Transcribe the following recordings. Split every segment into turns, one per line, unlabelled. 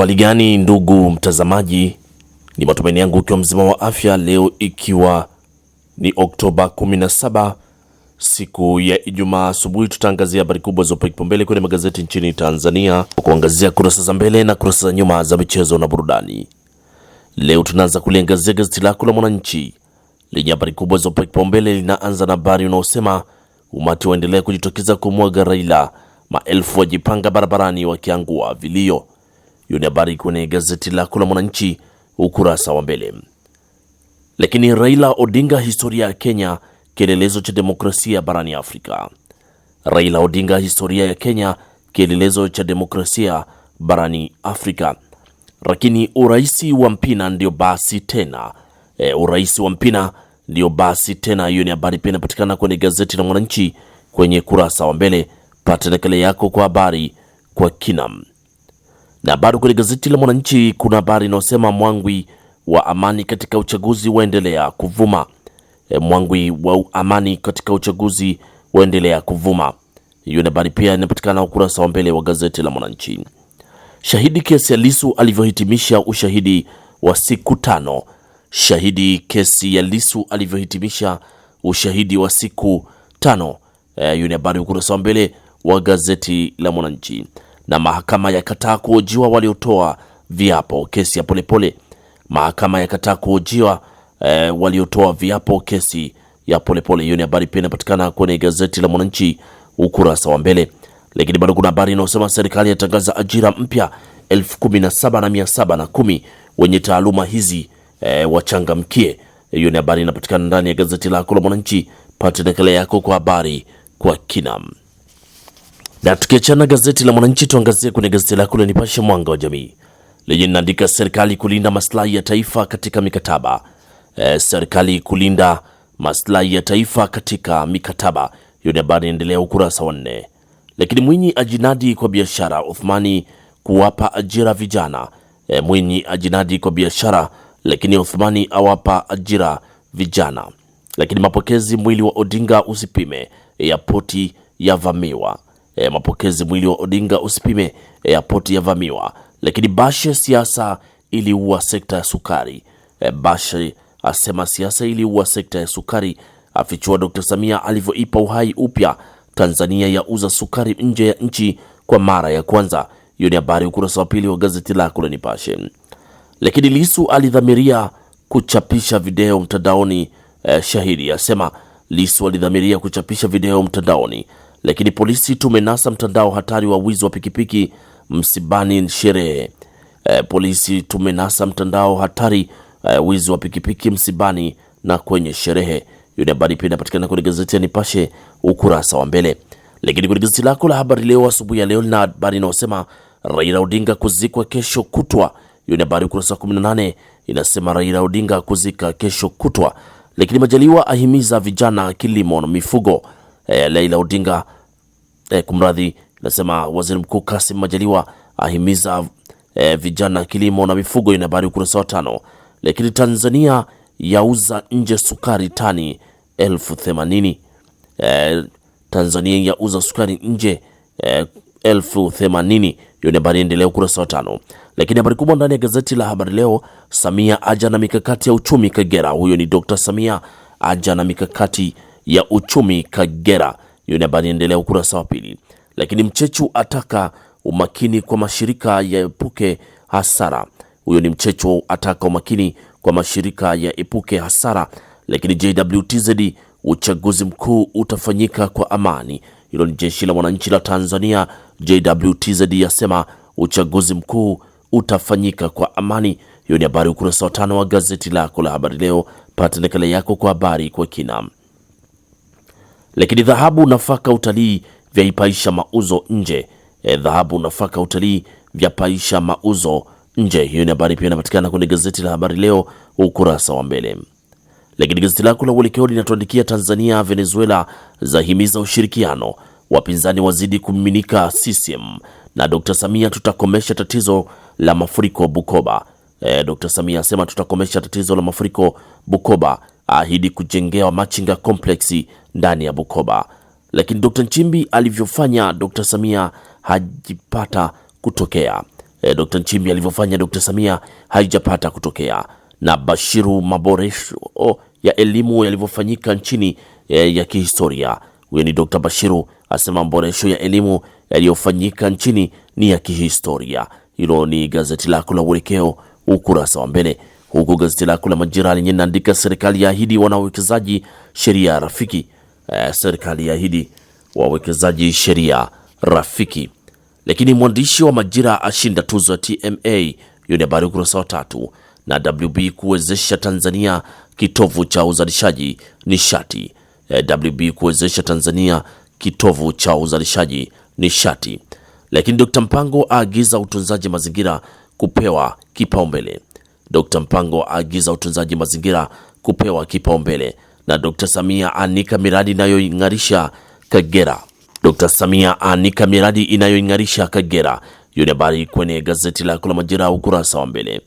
Hali gani ndugu mtazamaji, ni matumaini yangu ukiwa mzima wa afya leo, ikiwa ni Oktoba 17 siku ya Ijumaa asubuhi, tutaangazia habari kubwa zilizopewa kipaumbele kwenye magazeti nchini Tanzania kwa kuangazia kurasa za mbele na kurasa za nyuma za michezo na burudani. Leo tunaanza kuliangazia gazeti lako la Mwananchi lenye habari kubwa zilizopewa kipaumbele, linaanza na habari unaosema umati waendelea kujitokeza kumwaga Raila, maelfu wajipanga barabarani wakiangua vilio hiyo ni habari kwenye gazeti lako la Mwananchi ukurasa wa mbele. Lakini Raila Odinga, historia ya Kenya, kielelezo cha demokrasia barani Afrika. Raila Odinga, historia ya Kenya, kielelezo cha demokrasia barani Afrika. Lakini uraisi wa Mpina ndio basi tena e, uraisi wa Mpina ndio basi tena. Hiyo ni habari pia inapatikana kwenye gazeti la Mwananchi kwenye kurasa wa mbele. Pata nakala yako kwa habari kwa kinam na bado kwenye gazeti la Mwananchi kuna habari inayosema mwangwi wa amani katika uchaguzi waendelea kuvuma. E, mwangwi wa amani katika uchaguzi waendelea kuvuma. Hiyo ni habari pia inapatikana ukurasa wa mbele wa gazeti la Mwananchi. Shahidi kesi ya Lisu alivyohitimisha ushahidi wa siku tano. Shahidi kesi ya Lisu alivyohitimisha ushahidi wa siku tano. E, hiyo e, ni habari ukurasa wa mbele wa gazeti la Mwananchi na mahakama yakataa kuojiwa waliotoa viapo kesi ya Polepole pole. Mahakama yakataa kuojiwa e, eh, waliotoa viapo kesi ya Polepole. Hiyo ni habari pia inapatikana kwenye gazeti la Mwananchi ukurasa wa mbele, lakini bado kuna habari inayosema serikali yatangaza ajira mpya elfu kumi wenye taaluma hizi e, wachangamkie. Hiyo ni habari inapatikana ndani ya gazeti lako la Mwananchi. Pate nakala yako kwa habari kwa kinam na tukiachana gazeti la Mwananchi, tuangazie kwenye gazeti lako la Nipashe Mwanga wa Jamii lenye linaandika serikali kulinda maslahi ya taifa katika mikataba. E, serikali kulinda maslahi ya taifa katika mikataba. Hiyo ni habari inaendelea ukurasa wa nne. Lakini Mwinyi ajinadi kwa biashara, Uthmani kuwapa ajira vijana. E, Mwinyi ajinadi kwa biashara, lakini Uthmani awapa ajira vijana. Lakini mapokezi, mwili wa Odinga usipime, yapoti yavamiwa e, mapokezi mwili wa Odinga usipime, e, airport yavamiwa. Lakini Bashe, siasa iliua sekta ya sukari. E, Bashe asema siasa iliua sekta ya sukari, afichua Dr. Samia alivyoipa uhai upya. Tanzania ya uza sukari nje ya nchi kwa mara ya kwanza. Hiyo ni habari ukurasa wa pili wa gazeti lako la Nipashe. Lakini Lisu alidhamiria kuchapisha video mtandaoni E, shahidi asema Lisu alidhamiria kuchapisha video mtandaoni lakini polisi tumenasa mtandao hatari wa wizi wa pikipiki msibani Sherehe. E, polisi tumenasa mtandao hatari e, wizi wa pikipiki msibani na kwenye sherehe. Hiyo habari pia inapatikana kwenye gazeti ya Nipashe ukurasa wa mbele. Lakini kwenye gazeti lako la habari leo asubuhi ya leo lina habari inayosema Raila Odinga kuzikwa kesho kutwa. Hiyo ni habari ukurasa wa 18 inasema Raila Odinga kuzika kesho kutwa. Lakini Majaliwa ahimiza vijana kilimo na mifugo. E, Raila Odinga eh, kumradhi, nasema Waziri Mkuu Kassim Majaliwa ahimiza eh, vijana kilimo na mifugo. Ina habari ukurasa wa tano. Lakini Tanzania yauza nje sukari tani elfu themanini. Eh, Tanzania yauza sukari nje eh, elfu themanini. Hiyo ni habari endelea ukurasa wa tano. Lakini habari kubwa ndani ya gazeti la Habari Leo, Samia aja na mikakati ya uchumi Kagera. Huyo ni Dr. Samia aja na mikakati ya uchumi Kagera. Hiyo ni habari inaendelea ukurasa wa pili. Lakini Mchechu ataka umakini kwa mashirika yaepuke hasara. Huyo ni Mchechu ataka umakini kwa mashirika yaepuke hasara. Lakini JWTZ, uchaguzi mkuu utafanyika kwa amani. Hilo ni jeshi la wananchi la Tanzania, JWTZ yasema uchaguzi mkuu utafanyika kwa amani. Hiyo ni habari ukurasa wa tano wa gazeti lako la Habari Leo. Pata nakala yako kwa habari kwa kina. Lakini dhahabu, nafaka, utalii vyaipaisha mauzo nje. E, dhahabu, nafaka, utalii vyapaisha mauzo nje. Hiyo ni habari pia inapatikana kwenye gazeti la Habari Leo ukurasa wa mbele. Lakini gazeti lako la Uelekeo linatuandikia Tanzania, Venezuela zahimiza ushirikiano, wapinzani wazidi kumiminika CCM, na Dr. Samia tutakomesha tatizo la mafuriko Bukoba. E, Dr. Samia asema tutakomesha tatizo la mafuriko Bukoba ahidi kujengewa machinga kompleksi ndani ya Bukoba, lakini Dr. Nchimbi alivyofanya Dr. Samia hajipata kutokea. E, eh, Dr. Nchimbi alivyofanya Dr. Samia haijapata kutokea, na Bashiru maboresho oh, ya elimu yalivyofanyika nchini e, ya kihistoria. Huyo ni Dr. Bashiru asema maboresho ya elimu yaliyofanyika nchini ni ya kihistoria. Hilo ni gazeti lako la Uelekeo ukurasa wa mbele huku gazeti lako la Majira lenye linaandika serikali yaahidi wanawekezaji sheria rafiki. Eh, serikali yaahidi wawekezaji sheria rafiki. Lakini mwandishi wa Majira ashinda tuzo ya TMA, hiyo ni habari ukurasa wa tatu, na WB kuwezesha Tanzania kitovu cha uzalishaji nishati. Eh, WB kuwezesha Tanzania kitovu cha uzalishaji nishati. Lakini Dr. Mpango aagiza utunzaji mazingira kupewa kipaumbele. Dr. Mpango aagiza utunzaji mazingira kupewa kipaumbele na Dr. Samia anika miradi inayoing'arisha Kagera. Dr. Samia anika miradi inayoing'arisha Kagera. Hiyo ni habari kwenye gazeti lako la Majira ukurasa wa mbele.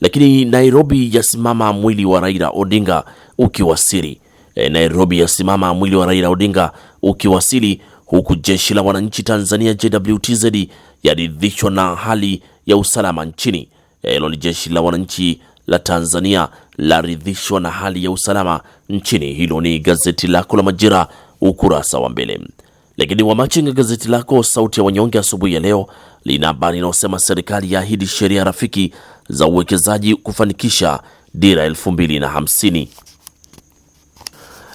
Lakini Nairobi yasimama mwili wa Raila Odinga ukiwasili. E, eh, Nairobi yasimama mwili wa Raila Odinga ukiwasili, huku jeshi la wananchi Tanzania JWTZ yaridhishwa na hali ya usalama nchini hilo ni jeshi la wananchi la Tanzania laridhishwa na hali ya usalama nchini. Hilo ni gazeti lako la Majira ukurasa wa mbele. Lakini Wamachinga, gazeti lako Sauti ya Wanyonge asubuhi ya leo lina habari inayosema serikali yaahidi sheria rafiki za uwekezaji kufanikisha dira 2050.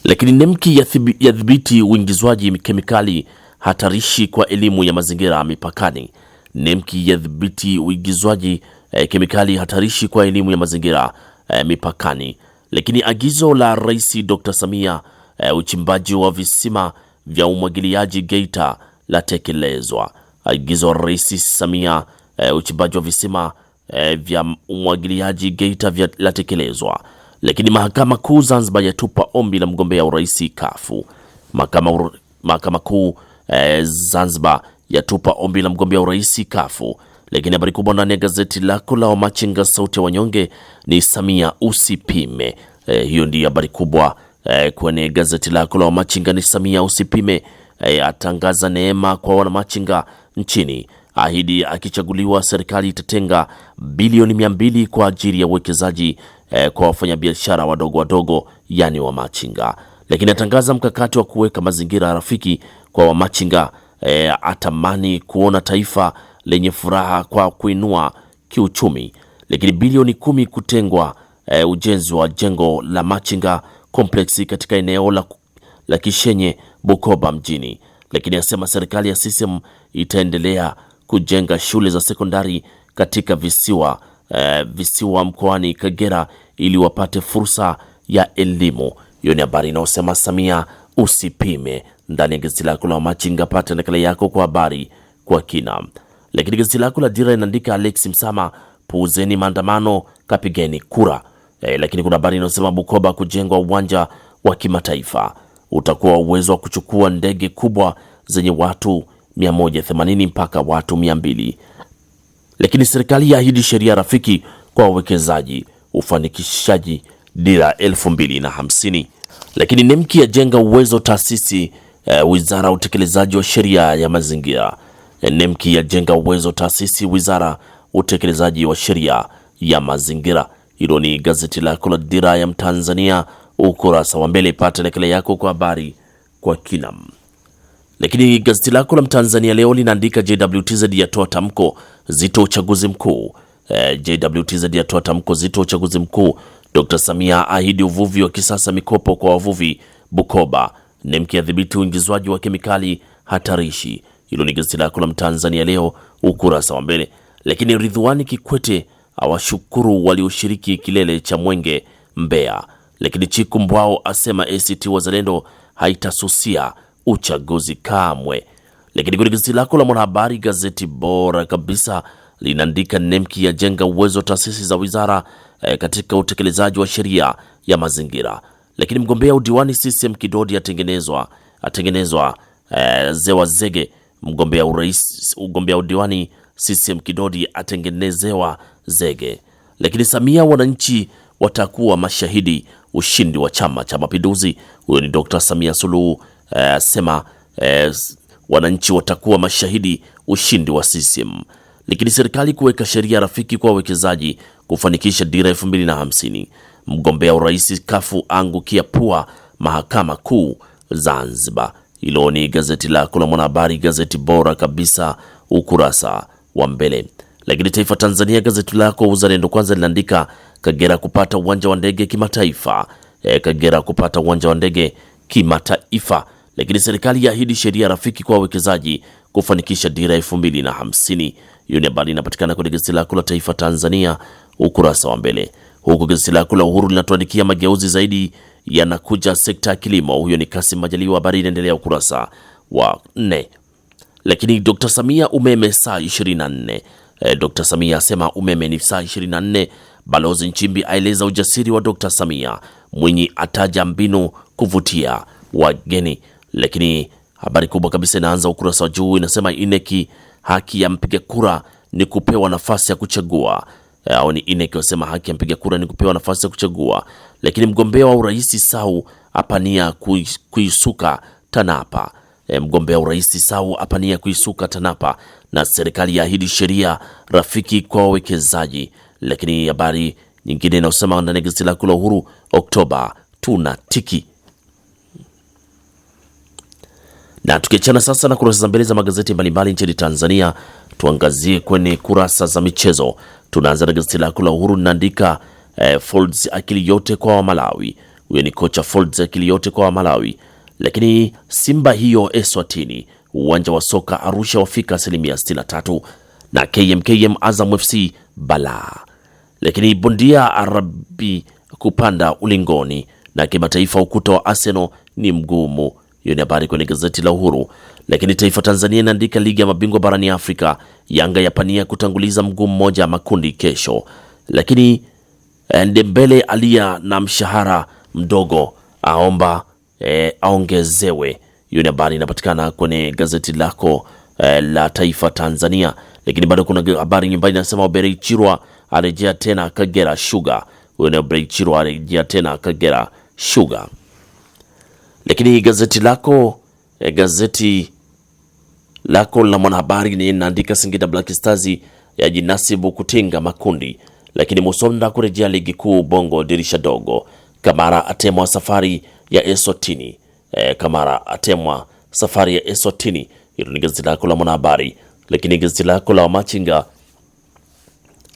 Lakini Nemki yadhibiti uingizwaji kemikali hatarishi kwa elimu ya mazingira mipakani. Nemki yadhibiti uingizwaji e, kemikali hatarishi kwa elimu ya mazingira e, mipakani. Lakini agizo la Rais Dr. Samia e, uchimbaji wa visima vya umwagiliaji Geita latekelezwa. Agizo la Rais Samia e, uchimbaji wa visima e, vya umwagiliaji Geita vya latekelezwa. Lakini mahakama kuu Zanzibar yatupa ombi la mgombea urais kafu. Mahakama kuu e, Zanzibar yatupa ombi la mgombea urais kafu lakini habari kubwa ndani ya gazeti lako la Wamachinga, sauti ya wanyonge, ni Samia usipime. E, hiyo ndiyo habari kubwa e, kwenye gazeti lako la Wamachinga ni Samia usipime. E, atangaza neema kwa wanamachinga nchini, ahidi akichaguliwa serikali itatenga bilioni mia mbili kwa ajili ya uwekezaji e, kwa wafanyabiashara wadogo wadogo, yani wamachinga. Lakini atangaza mkakati wa kuweka mazingira rafiki kwa wamachinga. E, atamani kuona taifa lenye furaha kwa kuinua kiuchumi, lakini bilioni kumi kutengwa e, ujenzi wa jengo la machinga kompleksi katika eneo la, la Kishenye Bukoba mjini, lakini asema serikali ya CCM itaendelea kujenga shule za sekondari katika visiwa e, visiwa mkoani Kagera ili wapate fursa ya elimu. Hiyo ni habari inayosema Samia usipime ndani ya gazeti lako la machinga Pata nakala yako kwa habari kwa kina. Lakini gazeti lako la Dira linaandika Alex Msama, puuzeni maandamano, kapigeni kura. E, lakini kuna habari inayosema Bukoba kujengwa uwanja wa kimataifa utakuwa uwezo wa kuchukua ndege kubwa zenye watu 180 mpaka watu 200. Lakini serikali yaahidi sheria rafiki kwa wawekezaji, ufanikishaji dira 2050. Lakini NEMKI yajenga uwezo taasisi, e, wizara ya utekelezaji wa sheria ya mazingira. NEMKI yajenga uwezo taasisi wizara utekelezaji wa sheria ya mazingira. Hilo ni gazeti lako la Dira ya Mtanzania ukurasa wa mbele, pata nakala yako kwa habari kwa kina. Lakini gazeti lako la Mtanzania leo linaandika JWTZ yatoa tamko zito uchaguzi mkuu. E, JWTZ yatoa tamko zito uchaguzi mkuu. Dr. Samia ahidi uvuvi wa kisasa, mikopo kwa wavuvi Bukoba. NEMKI adhibiti uingizwaji wa kemikali hatarishi. Hilo ni gazeti lako la Mtanzania leo ukurasa wa mbele. Lakini Ridhwani Kikwete awashukuru walioshiriki kilele cha Mwenge Mbeya. Lakini Chiku Mbwao asema ACT Wazalendo haitasusia uchaguzi kamwe. Lakini kwenye gazeti lako la Mwanahabari, gazeti bora kabisa, linaandika NEMKI yajenga uwezo taasisi za wizara e, katika utekelezaji wa sheria ya mazingira. Lakini mgombea udiwani CCM Kidodi atengenezwa atengenezwa e, eh, Zewazege Mgombea urais, mgombea udiwani CCM Kidodi atengenezewa zege. Lakini Samia, wananchi watakuwa mashahidi ushindi wa Chama cha Mapinduzi. Huyo ni Dr. Samia Suluhu eh, asema eh, eh, wananchi watakuwa mashahidi ushindi wa CCM. Lakini serikali kuweka sheria rafiki kwa wawekezaji kufanikisha dira 2050. Mgombea urais kafu angukia pua mahakama kuu Zanzibar. Hilo ni gazeti lako la Mwanahabari, gazeti bora kabisa, ukurasa wa mbele. Lakini Taifa Tanzania, gazeti lako Uzalendo Kwanza linaandika Kagera kupata uwanja wa ndege kimataifa. E, Kagera kupata uwanja wa ndege kimataifa. Lakini serikali yaahidi sheria rafiki kwa wawekezaji kufanikisha dira elfu na hamsini. Hiyo ni habari inapatikana kwenye gazeti lako la Taifa Tanzania ukurasa wa mbele, huku gazeti lako la Uhuru linatuandikia mageuzi zaidi yanakuja sekta ya kilimo. Huyo ni Kasim Majaliwa, habari inaendelea ukurasa wa nne. Lakini Dr. Samia umeme saa 24. E, Dr. Samia asema umeme ni saa 24. Balozi Nchimbi aeleza ujasiri wa Dr. Samia. Mwinyi ataja mbinu kuvutia wageni. Lakini habari kubwa kabisa inaanza ukurasa wa juu inasema, ineki e haki ya mpiga kura ni kupewa nafasi ya kuchagua eh, au ni ineki e wasema haki ya mpiga kura ni kupewa nafasi ya kuchagua lakini mgombea wa urais Sau apania kuisuka Tanapa. E, mgombea urais Sau apania kuisuka Tanapa na serikali yaahidi sheria rafiki kwa wawekezaji. Lakini habari nyingine inayosema ndani ya gazeti lako la Uhuru Oktoba tuna tiki na tukiachana sasa na kurasa za mbele za magazeti mbalimbali nchini Tanzania, tuangazie kwenye kurasa za michezo. Tunaanza na gazeti lako la Uhuru linaandika eh, Folds akili yote kwa Wamalawi. Huyo ni kocha Folds akili yote kwa Wamalawi. Lakini Simba hiyo Eswatini, uwanja wa soka Arusha wafika asilimia 63, na KMKM Azam FC bala. Lakini bondia Arabi kupanda ulingoni na kimataifa, ukuta wa Arsenal ni mgumu. Hiyo ni habari kwenye gazeti la Uhuru. Lakini Taifa Tanzania inaandika ligi ya mabingwa barani Afrika, Yanga yapania kutanguliza mguu mmoja makundi kesho. Lakini Eh, ndembele alia na mshahara mdogo aomba e, aongezewe. Hiyo ni habari inapatikana kwenye gazeti lako e, la Taifa Tanzania, lakini bado kuna habari nyingine inasema Obere Chirwa arejea tena Kagera Sugar. Huyo ni Chirwa arejea tena Kagera Sugar. Lakini gazeti lako e, gazeti lako la Mwanahabari naandika Singida Black Stars ya jinasibu kutinga makundi lakini Musonda kurejea ligi kuu Bongo dirisha dogo. Kamara atemwa safari ya Esotini. E, Kamara atemwa safari ya Esotini. Hilo ni gazeti lako la Mwanahabari, lakini gazeti lako la Wamachinga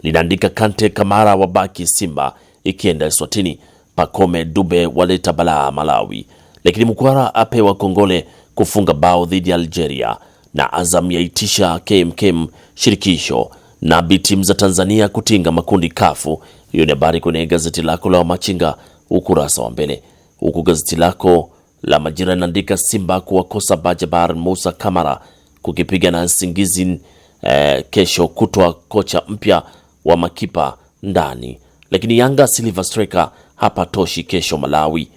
linaandika Kante Kamara wabaki Simba ikienda Eswatini. Pakome Dube waleta balaa Malawi, lakini Mkwara apewa kongole kufunga bao dhidi ya Algeria na Azam yaitisha KMKM shirikisho na B za Tanzania kutinga makundi kafu. Hiyo ni habari kwenye gazeti lako la machinga ukurasa wa mbele, huku gazeti lako la Majira linaandika Simba kuwakosa Bajabar Musa Kamara kukipiga na singizi eh, kesho kutwa kocha mpya wa makipa ndani, lakini Yanga Silver Striker hapa toshi kesho Malawi.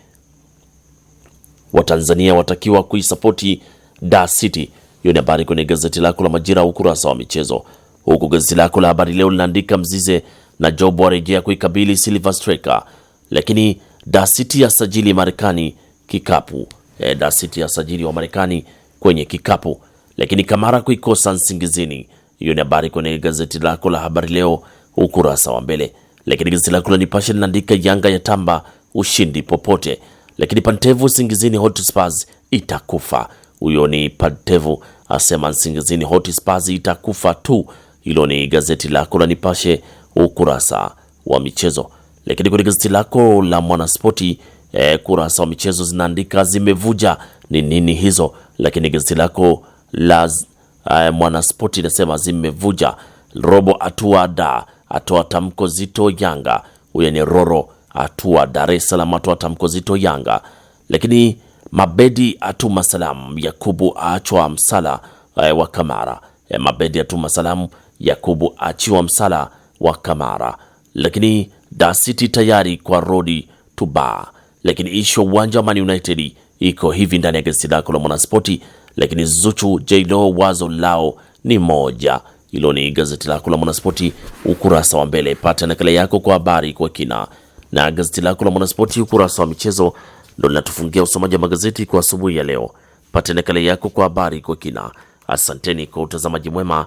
Watanzania watakiwa kuisapoti Dar City. Hiyo ni habari kwenye gazeti lako la Majira ukurasa wa michezo huku gazeti lako la habari leo linaandika Mzize na Job warejea kuikabili Silver Strikers, lakini Dar City ya sajili Marekani kikapu e, Dar City ya sajili wa Marekani kwenye kikapu, lakini Kamara kuikosa Nsingizini. Hiyo ni habari kwenye gazeti lako la habari leo ukurasa wa mbele, lakini gazeti lako la Nipashe linaandika Yanga ya tamba ushindi popote, lakini Pantevu singizini Hot itakufa. Huyo ni Pantevu asema Singizini Hot itakufa tu hilo ni gazeti lako la Nipashe ukurasa wa michezo, lakini kwenye gazeti lako la Mwanaspoti e, kurasa wa michezo zinaandika zimevuja ni nini hizo, lakini gazeti lako la eh, Mwanaspoti inasema zimevuja robo atua da atoa tamko zito Yanga. Huyo ni Roro atua Dar es Salaam atoa tamko zito Yanga, lakini Mabedi atuma salamu Yakubu aachwa msala eh, wa Kamara eh, Mabedi atuma salamu Yakubu achiwa msala wa Kamara, lakini Da City tayari kwa Rodi Tuba. Lakini ishu uwanja wa Man United iko hivi ndani ya gazeti lako la Mwanaspoti. Lakini Zuchu Jlo wazo lao ni moja. Hilo ni gazeti lako la Mwanaspoti ukurasa wa mbele, pata nakala yako kwa habari kwa kina. Na gazeti lako la Mwanaspoti ukurasa wa michezo ndo linatufungia usomaji wa magazeti kwa asubuhi ya leo. Pata nakala yako kwa habari kwa kina. Asanteni kwa utazamaji mwema